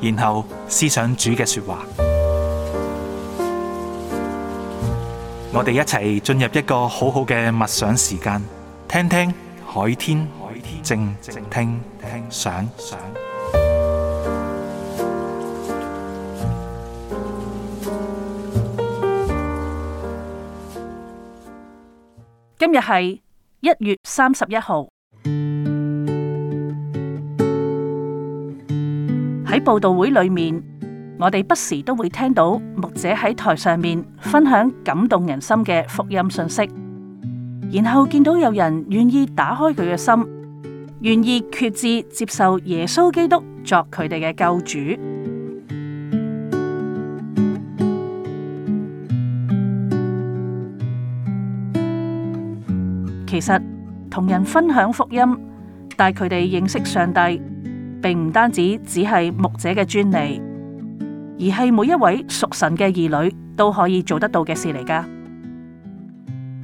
然後思想主嘅說話，我哋一齊進入一個好好嘅默想時間，聽聽海天靜聽想。今日係一月三十一號。喺佈道會裏面，我哋不時都會聽到牧者喺台上面分享感動人心嘅福音信息，然後見到有人願意打開佢嘅心，願意決志接受耶穌基督作佢哋嘅救主。其實同人分享福音，帶佢哋認識上帝。並唔單止只係牧者嘅專利，而係每一位屬神嘅兒女都可以做得到嘅事嚟㗎。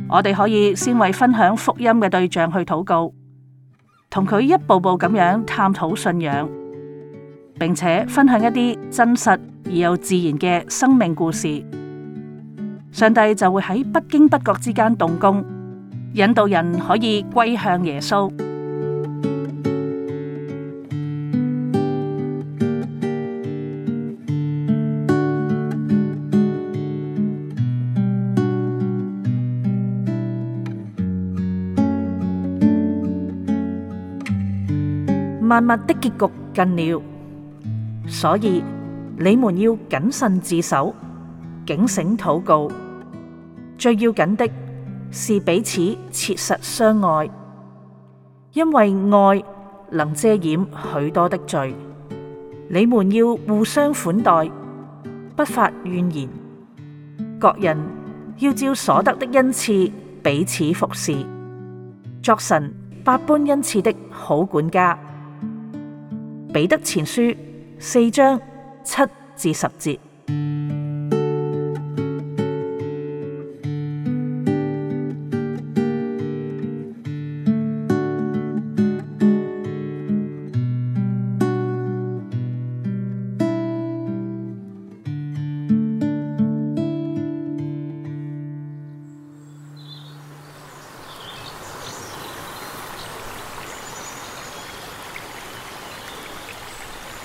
我哋可以先為分享福音嘅對象去禱告，同佢一步步咁樣探討信仰，並且分享一啲真實而又自然嘅生命故事。上帝就會喺不經不覺之間動工，引導人可以歸向耶穌。萬物的結局近了，所以你們要謹慎自守，警醒禱告。最要緊的是彼此切實相愛，因為愛能遮掩許多的罪。你們要互相款待，不發怨言。各人要照所得的恩賜彼此服侍，作神百般恩賜的好管家。彼得前書四章七至十節。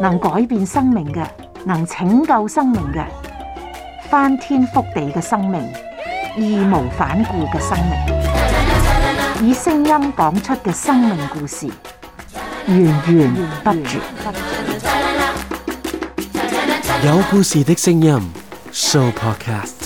能改變生命嘅，能拯救生命嘅，翻天覆地嘅生命，義無反顧嘅生命，以聲音講出嘅生命故事，源源不絕。有故事的聲音，Show Podcast。